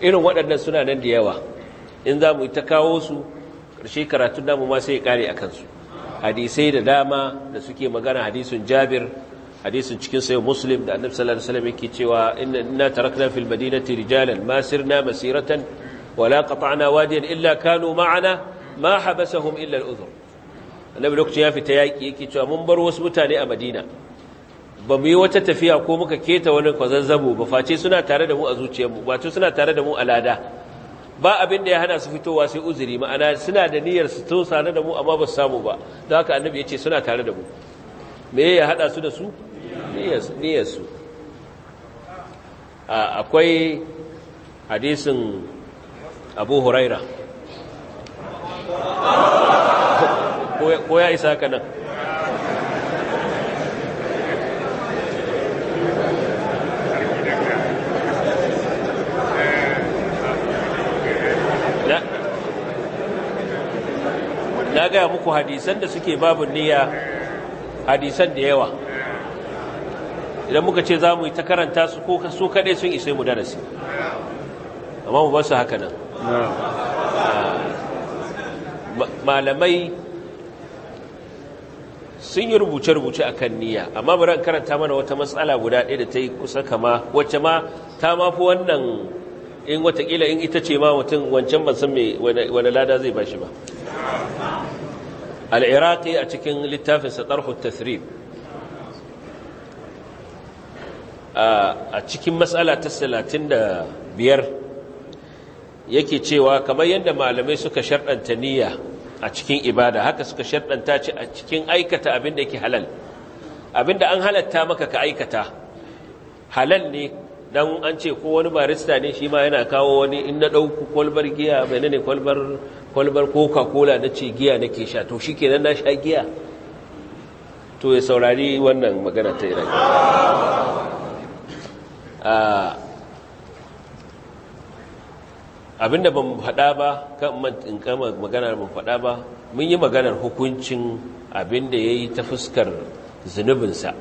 irin waɗannan suna nan da yawa in za mu ta kawo su ƙarshe karatun namu ma sai ya ƙare a kansu hadisai da dama da suke magana hadisun jabir hadisun cikin sayo muslim da annabi sallallahu alaihi wasallam yake cewa inna tarakna fil madinati rijalan ma sirna masiratan wala qata'na wadiyan illa kanu ma'ana ma habasahum illa al-udhur annabi lokacin ya fita yaki yake cewa mun bar wasu mutane a madina ba mu yi wata tafiya ko muka keta wani kwazazzabo ba face suna tare da mu a zuciyarmu wato suna tare da mu a lada ba abin da ya hana su fitowa sai uzuri ma'ana suna da niyyar su to sare da mu amma ba su samu ba da haka annabi ya ce suna tare da mu me ya hada su da su niyyarsu. akwai hadisin abu huraira ko ya isa ka nan na gaya muku hadisan da suke babu niyya hadisan da yawa idan muka ce za mu yi ta karanta su ko su kaɗai sun isai mu darasi amma mu basu haka nan ah, malamai sun yi rubuce-rubuce a kan niyya amma bari an karanta mana wata matsala guda ɗaya da ta yi kusa kama wacce ma ta mafi wannan in watakila in ita ce ma mutum wancan ban san mai wani lada zai ba shi ba al'iraqi a cikin littafinsa ɗarhut tathrib a cikin matsala ta salatin da biyar yake cewa kamar yadda malamai suka sharɗanta niyya a cikin ibada haka suka sharɗanta ce a cikin aikata abin da yake halal abin da an halatta maka ka aikata halal ne don an ce ko wani barista ne shi ma yana kawo wani in na ɗauku kwalbar giya mai ne kwalbar kwalbar coca-cola na ce giya nake sha to shi nan na sha giya to ya saurari wannan magana ta iraki abinda ban faɗa ba kan in kama maganar ban faɗa ba mun yi maganar hukuncin abinda ya yi ta fuskar zunubinsa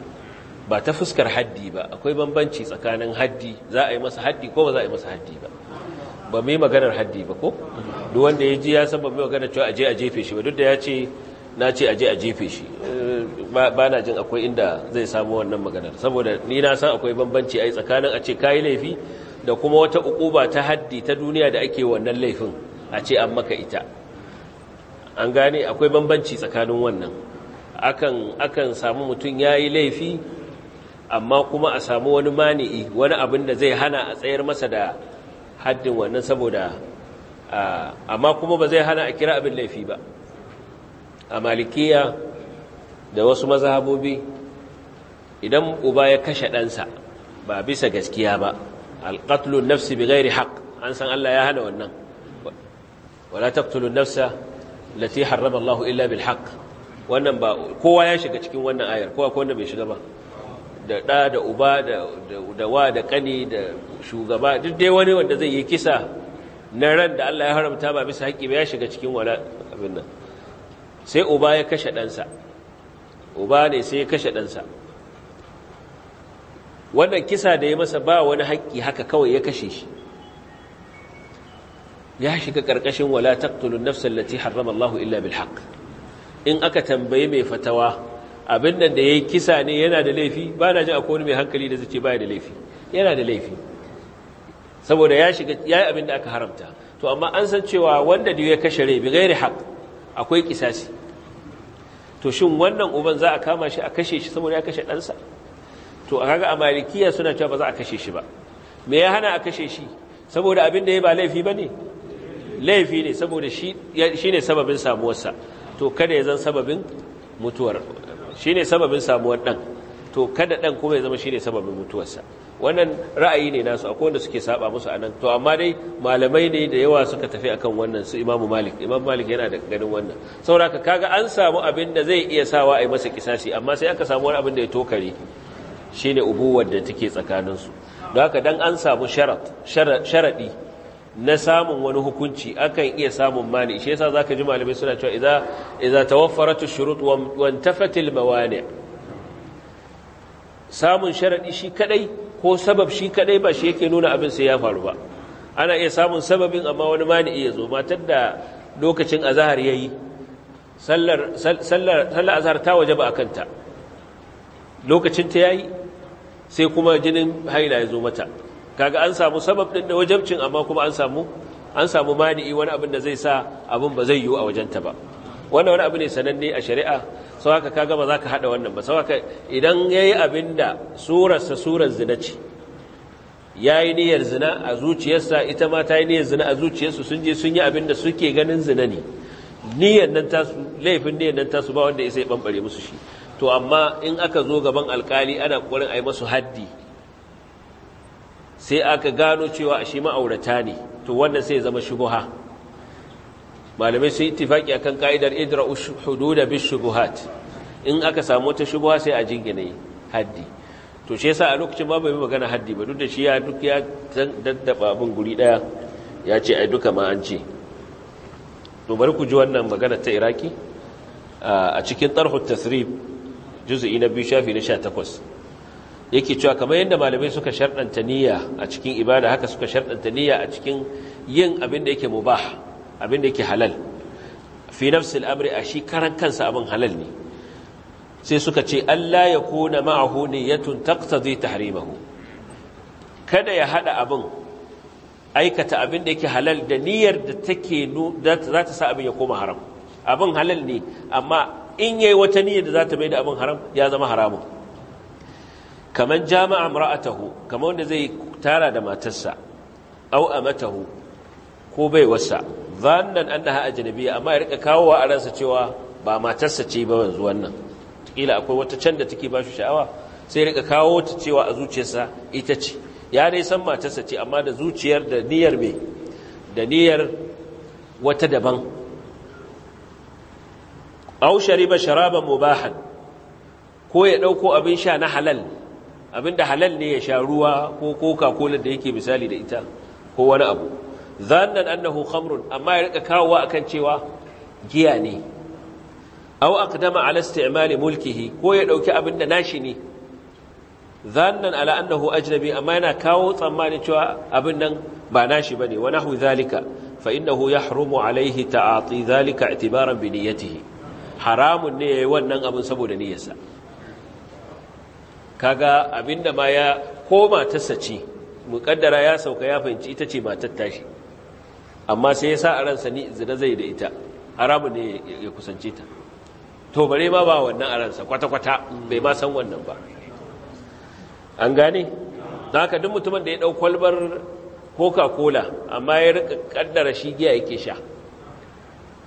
ba ta fuskar haddi ba akwai bambanci tsakanin haddi za a yi masa haddi ko ba za a yi masa haddi ba ba mai maganar haddi ba ko duk wanda ya ji ya san ba mai maganar cewa aje a jefe shi ba duk da ya ce na ce aje a jefe shi ba na jin akwai inda zai samu wannan maganar saboda ni na san akwai bambanci a yi tsakanin a ce ka yi laifi da kuma wata ukuba ta haddi ta duniya da ake wannan laifin a ce an maka ita an gane akwai bambanci tsakanin wannan akan akan samu mutum ya yi laifi amma kuma a samu wani mani'i wani abin da zai hana a tsayar masa da haddin wannan saboda amma kuma ba zai hana a kira abin laifi ba a malikiya da wasu mazahabobi, idan uba ya kashe ɗansa ba bisa gaskiya ba alƙatulun nafsi bi gairi haƙ an san Allah ya hana wannan wala taqtulun nafsa lati harrama Allah illa bil haƙ wannan ba kowa ya shiga cikin wannan ayar kowa ko wanda bai shiga ba da ɗa da uba da wa da ƙani da shugaba duk dai wani wanda zai yi kisa na ran da Allah ya haramta ba bisa haƙƙi ba ya shiga cikin wala abin nan sai uba ya kashe ɗansa uba ne sai ya kashe ɗansa wannan kisa da ya masa ba wani haƙƙi haka kawai ya kashe shi ya shiga ƙarƙashin wala taqtulun nafsal lati harrama Allah illa bil haqq in aka tambaye mai fatawa abin nan da yayi kisa ne yana da laifi ba na ji akwai wani mai hankali da zai ce baya da laifi yana da laifi saboda ya shiga yayi abin da aka haramta to amma an san cewa wanda da ya kashe rai bi gairi haƙ, akwai kisasi to shin wannan uban za a kama shi a kashe shi saboda ya kashe ɗansa to a kaga a malikiya suna cewa ba za a kashe shi ba me ya hana a kashe shi saboda abin da ya ba laifi ba ne laifi ne saboda shi ne sababin samuwarsa to kada ya zan sababin mutuwar shi ne sababin samuwar ɗan to kada ɗan kuma ya zama shi ne sababin mutuwarsa wannan ra'ayi ne nasu akwai wanda suke saba musu anan to amma dai malamai ne da yawa suka tafi akan wannan su Imam Malik Imam Malik yana da ganin wannan saboda kaga an samu abin da zai iya sawa ai masa kisasi amma sai aka samu wani abin da ya tokare shine ubuwar da take tsakanin su don haka dan an samu sharat sharadi na samun wani hukunci akan iya samun mani shi yasa zaka ji malamai suna cewa idza idza tawaffarat ash-shurut wa intafat al-mawani' samun sharadi shi kadai ko sabab shi kadai ba shi yake nuna abin sai ya faru ba ana iya samun sababin amma wani mani'i ya zo matar da lokacin azahar yayi sallar sallar azhar ta waje ba a kanta lokacin ta ya sai kuma jinin haila ya zo mata kaga an samu sabab ɗin da wajabcin amma kuma an samu an samu mani'i wani abin da zai sa abin ba zai yiwu a wajenta ba wannan wani abu ne sananne a shari'a sau haka ka za ka haɗa wannan ba sau idan ya yi abin da surarsa surar zina ce ya yi niyyar zina a zuciyarsa ita ma ta yi niyyar zina a zuciyarsu sun je sun yi abin da suke ganin zina ne niyyar nan tasu laifin niyyar nan tasu ba wanda ya sai ɓanɓare musu shi to amma in aka zo gaban alkali ana ƙoƙarin a yi masu haddi sai aka gano cewa a shi ma'aurata ne to wannan sai ya zama shubuha malamai sun itifaki akan ka'idar idra hududa bis shubuhat in aka samu ta shubuha sai a jingine haddi to shi yasa a lokacin ba bai magana haddi ba duk da shi ya duk ya daddaba abin guri daya ya ce ai duka ma an ce to bari ku ji wannan magana ta iraki a cikin tarhut tasrib juz'i na biyu shafi na 18 yake cewa kamar yadda malamai suka shardanta niyya a cikin ibada haka suka shardanta niyya a cikin yin abin da yake mubah abin da yake halal fi nafsil amri a shi karan kansa abin halal ne sai suka ce Allah ya kona ma'ahu niyyatun taqtadi tahrimahu kada ya haɗa abin aikata abin da yake halal da niyyar da take za ta sa abin ya koma haram abin halal ne amma in yayi wata niyyar da za ta mai da abin haram ya zama haramun kaman jama'a mar'atahu kaman wanda zai tara da matarsa aw amatahu ko baiwarsa zannan an ha ajnabiyya amma ya rika kawowa a ransa cewa ba matarsa ce ba yanzu wannan kila akwai wata can da take ba shi sha'awa sai rika kawo ta cewa a zuciyarsa ita ce ya dai san matarsa ce amma da zuciyar da niyyar me da niyyar wata daban aw shariba sharaban mubahan ko ya dauko abin sha na halal abinda halal ne ya sha ruwa ko coca-cola da yake misali da ita ko wani abu zannan annahu khamrun amma ya rika kawowa akan cewa giya ne aw aqdama ala isti'mal mulkihi ko ya dauki abin da nashi ne zannan ala annahu ajnabi amma yana kawo tsammanin cewa abin nan ba nashi bane wa nahwu zalika fa innahu yahrumu alayhi ta'ati zalika i'tibaran bi niyyatihi haramun ne yayi wannan abin saboda niyyarsa kaga abinda ma ya koma ta sace muƙaddara ya sauka ya fahimci ita ce matar tashi amma sai ya sa a ransa ni zina zai da ita haramu ne ya kusance ta to bare ma ba wannan a ransa kwata-kwata bai ma san wannan ba an gane za ka duk mutumin da ya ɗau kwalbar coca-cola amma ya rika kaddara shi giya yake sha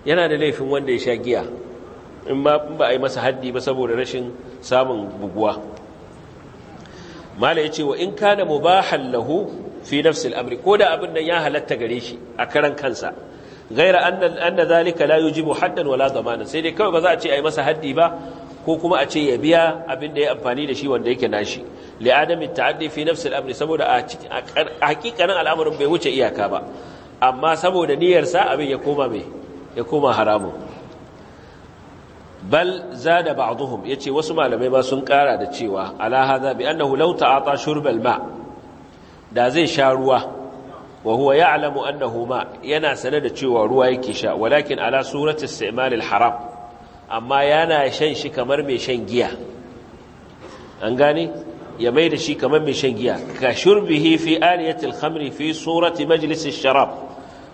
yana da laifin wanda ya sha giya in ba a yi masa haddi ba saboda rashin samun buguwa mala ya ce wa in kana mubahan lahu fi nafsil amri ko da abin nan ya halatta gare shi a karan kansa gaira anna zalika la yujibu haddan wala zamana sai dai kawai ba za a ce ai masa haddi ba ko kuma a ce ya biya abin da ya amfani da shi wanda yake nashi li adami ta'addi fi nafsi al-amri saboda a hakikanin al'amarin bai wuce iyaka ba amma saboda niyyar sa abin ya koma mai ya koma haramun bal zada ba'dhum yace wasu malamai ma sun kara da cewa ala hadha bi annahu law ta'ata shurbal ma' da zai sha ruwa wa huwa ya'lamu annahu ma yana sane da cewa ruwa yake sha walakin ala surati istimal haram amma yana shan shi kamar mai shan giya an gane ya mai da shi kamar mai shan giya ka shurbihi fi aliyati al-khamri fi surati majlis al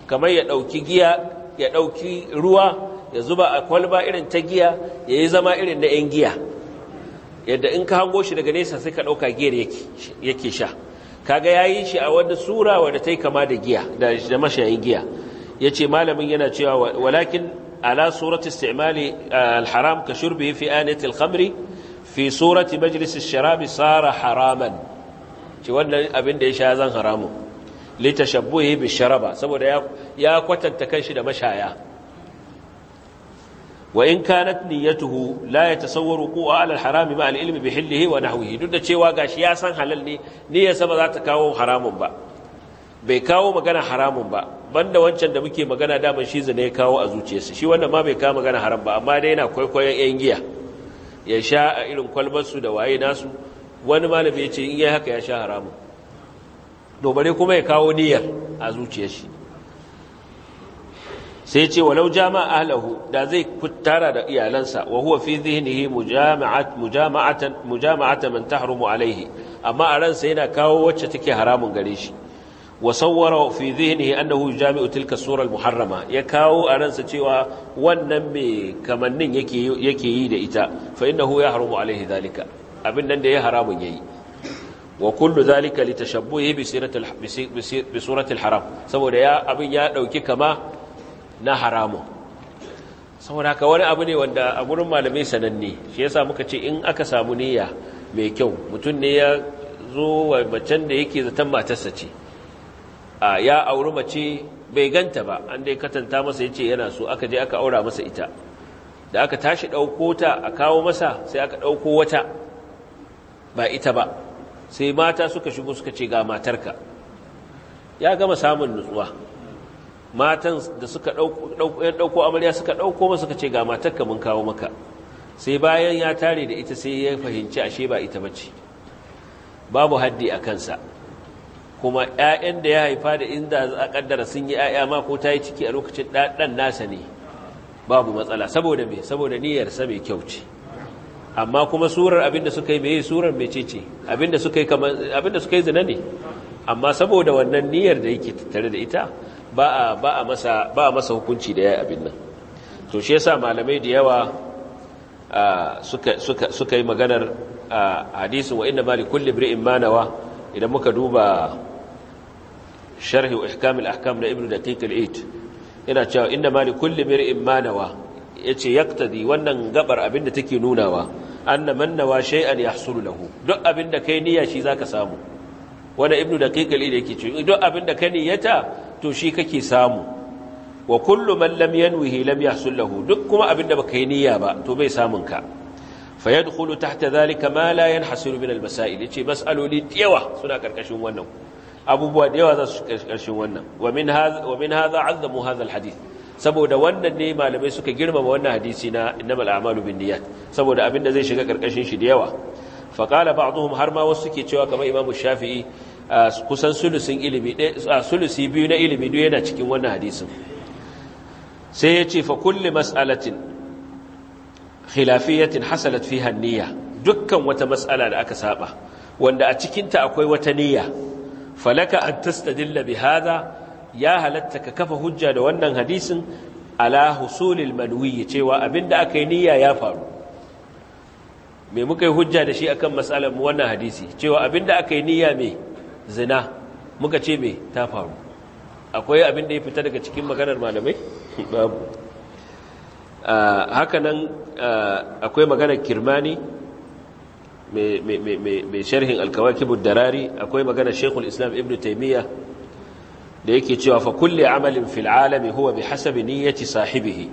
kamar ya dauki giya ya dauki ruwa ya zuba a kwalba irin ta giya yayi zama irin na yan giya yadda in ka hango shi daga nesa sai ka dauka giyar yake yake sha kaga yayi shi a wanda sura wanda yi kama da giya da mashayin giya yace malamin yana cewa walakin ala surati istimali alharam ka shurbi fi anati alkhamri fi surati majlis sharabi sara haraman ci wannan abin da ya sha zan haramu bi sharaba saboda ya kwatanta kanshi da mashaya wa in kanat niyyatuhu la yatasawwaru qu'a ala al-harami ma al-ilmi bi hillihi wa nahwihi duk da cewa gashi ya san halal ne niyyarsa ba za ta kawo haramun ba bai kawo magana haramun ba banda wancan da muke magana ban shi zina ya kawo a zuciyarsa shi wannan ma bai kawo magana haram ba amma dai yana kwaikwayon yan giya ya sha a irin kwalbarsu da waye nasu wani malami ya ce in yi haka ya sha haramun dobare kuma ya kawo niyyar a zuciyar shi sai ce walau jama ahlahu da zai tara da iyalansa wa huwa fi dhihnihi mujama'at mujama'atan mujama'atan man tahrumu amma a ransa yana kawo wacce take haramun gare shi wa sawwara fi dhihnihi annahu jami'u tilka sura muharrama ya kawo a ransa cewa wannan me kamannin yake yake yi da ita fa innahu yahrumu alaihi zalika abin nan da ya haramun yayi wa kullu zalika litashabbuhi bi sirati bi surati al-haram saboda ya abin ya dauki kama na haramun saboda ka wani abu ne wanda a gurin malamai sananne shi yasa muka ce in aka samu niyya mai kyau mutum ne ya zo wa macen da yake zaton matarsa ce a ya auri mace bai ganta ba an dai katanta masa ya ce yana so aka je aka aura masa ita da aka tashi ɗauko ta a kawo masa sai aka ɗauko wata ba ita ba sai mata suka shigo suka ce ga matarka ya gama samun nutsuwa matan da suka ɗauko amarya suka ɗauko masa suka ce ga matakka mun kawo maka sai bayan ya tare da ita sai ya fahimci ashe ba ita bace babu haddi a kansa kuma 'ya'yan da ya haifa da inda a kaddara sun yi 'ya'ya ma ko ta yi ciki a lokacin ɗan nasa ne babu matsala saboda me saboda niyyarsa mai kyau ce amma kuma surar abinda suka yi meye surar mecece abinda suka yi abinda suka yi zina ne amma saboda wannan niyyar da yake tattare da ita ba a masa hukunci da yayi abin nan to shi yasa malamai da yawa suka yi maganar hadisi wa inna mali kulle bri'in manawa idan muka duba sharhi wa ihkam ahkam na ibnu daqiq 8. Ina cewa inna mali kulle bri'in manawa yace yaktadi wannan gabar abin da take nunawa anna mannawa shay'an yahsulu lahu duk abin da kai niyya shi zaka samu wanda ibnu daqiq 8 eid yake cewa duk abin da kai niyyata to shi kake samu wa kullu man lam yanwihi lam yahsul lahu duk kuma abinda baka yi niyya ba to bai samun ka fa yadkhulu tahta dhalika ma la yanhasiru min al-masail yace mas'aloli yawa suna karkashin wannan abubuwa da yawa za su karkashin wannan wa min hadha wa min hadha azzamu hadha al-hadith saboda wannan ne malamai suka girmama wannan hadisi na innamal a'malu binniyat saboda abinda zai shiga karkashin shi da yawa fa qala ba'dhum har ma wasu ke cewa kamar imamu shafi'i kusan sulusin ilimi sulusi biyu na ilimi duk yana cikin wannan hadisin sai ya ce fa kulli mas'alatin khilafiyatin hasalat fiha niyya dukkan wata mas'ala da aka saba wanda a cikinta akwai wata niyya falaka an tastadilla bi hadha ya halatta ka kafa hujja da wannan hadisin ala husulil manwi cewa abinda aka yi niyya ya faru me muka yi hujja da shi akan mas'alar mu wannan hadisi cewa abinda aka yi niyya me zina muka ce me ta faru akwai abin da ya fita daga cikin maganar malamai babu ah, haka nan ah, akwai maganar kirmani mai sharhin alkawakibud darari akwai maganar shekul islam ibn taimiyya da yake cewa fa kulle amalin fil alami huwa bi hasabi niyyati sahibihi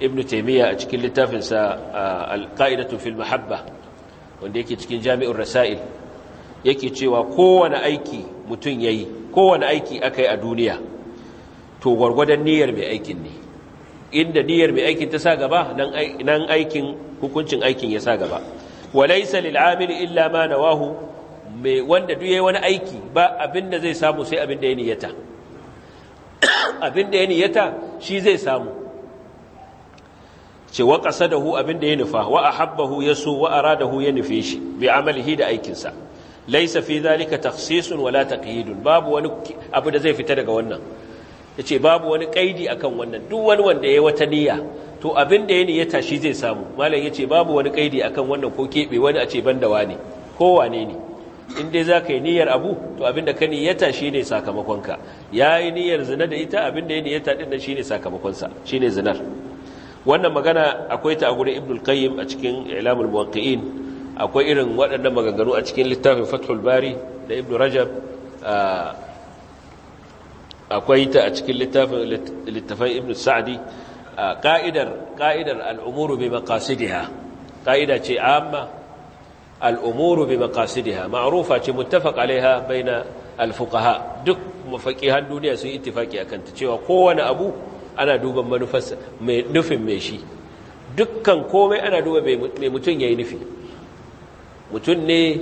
ibn taimiyya a cikin littafinsa ah, alqaidatu fil mahabba wanda yake cikin jami'ur rasail yake cewa kowane aiki mutum ya yi kowane aiki aka yi a duniya to gwargwadon niyyar mai aikin ne inda niyyar mai aikin ta sa gaba nan aikin hukuncin aikin ya sa gaba walaisa lil'amil illa ma na wahu, wanda duk yayi wani aiki ba abin da zai samu sai abin da ya niyyata da ya niyyata shi zai samu ce wa abin da ya nufa wa ya so wa hu ya nufe shi bi amalihi da aikinsa laisa fi zalika takhsisun wala taqyidun babu wani abu da zai fita daga wannan yace babu wani kaidi akan wannan duk wani wanda yayi wata niyya to abin da ya niyyata shi zai samu malam yace babu wani kaidi akan wannan ko kebe wani a ce banda wane ko wane ne in dai zaka yi niyyar abu to abin da ka niyyata shine sakamakonka yayi niyyar zina da ita abin da ya niyyata din nan shine sakamakonsa shine zinar wannan magana akwai ta a gurin ibnul qayyim a cikin ilamul muwaqqi'in akwai irin waɗannan maganganu a cikin littafin fathul bari da ibn rajab akwai ta a cikin littafin littafin ibn sa'di ka'idar ka'idar al'umuru bi maqasidiha ka'ida ce amma al'umuru bi maqasidiha ma'rufa ce muttafaq alaiha baina al-fuqaha duk mafaqihan duniya sun ittifaki akan ta cewa kowane abu ana duban manufarsa mai nufin me shi dukkan komai ana duba mai mutum yayi nufi mutum ne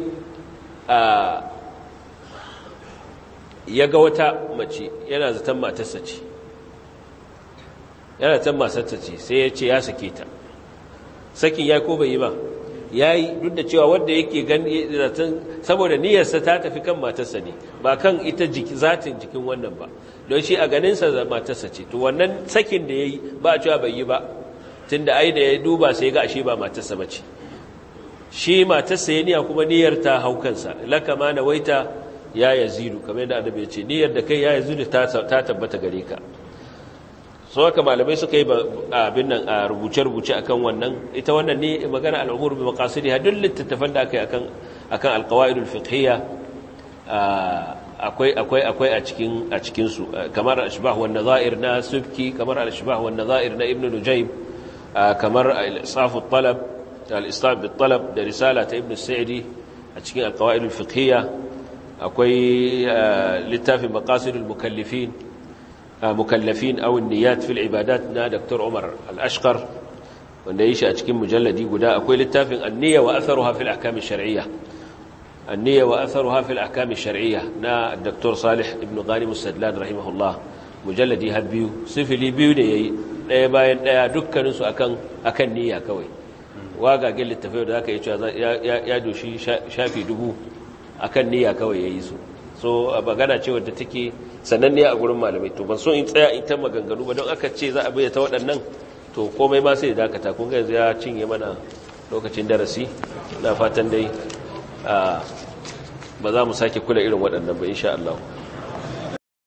ya ga wata mace yana zaton matarsa ce yana zaton matarsa ce sai ya ce ya sake ta sakin ya ko bai yi ba ya yi duk da cewa wadda yake gani saboda niyyarsa ta tafi kan matarsa ne ba kan ita zatin jikin wannan ba don shi a ganinsa matarsa ce to wannan sakin da ya yi ba a cewa bai yi ba tun da ai da ya duba sai ga ashe ba matarsa ba ce shi matarsa ya niya kuma niyyar ta hau kansa laka ma nawaita ya yazidu kamar yadda annabi ya ce niyyar da kai ya yazidu ta tabbata gare ka so haka malamai suka yi abin nan a rubuce-rubuce a kan wannan ita wannan ne magana al'umur bi maqasidi ne haɗin littattafan da aka yi akan akan alqawaidul fiqhiyya akwai akwai akwai a cikinsu a cikin su kamar al-ashbah wan na subki kamar al-ashbah wan nazair na Ibn nujaib kamar al-isaf at-talab al’islam bitalab da risala ta ibnu sa’idi a cikin alkawai ilfikiyya akwai littafin makasirin mukallafin mukallafin awon niyat fil ibadat na dr umar al’ashkar wanda yi shi a cikin mujalladi guda akwai littafin anniya wa asaru hafil akami shari'a anniya wa asaru hafil akami shari'a na dr salih ibn gani musadlan rahimahullah mujalladi har biyu sifili biyu da ya yi ɗaya bayan ɗaya dukkaninsu akan niyya kawai wagagen littafai da aka yi cewa ya doshi shafi dubu a kan niyya kawai ya yi su so a magana ce wadda take sananniya a gurin malamai to ban so in tsaya in ta maganganu ba don aka ce za a bayyata ta waɗannan to komai ma sai da dakata kun yanzu ya cinye mana lokacin darasi na fatan dai ba za mu sake kula irin waɗannan ba insha Allah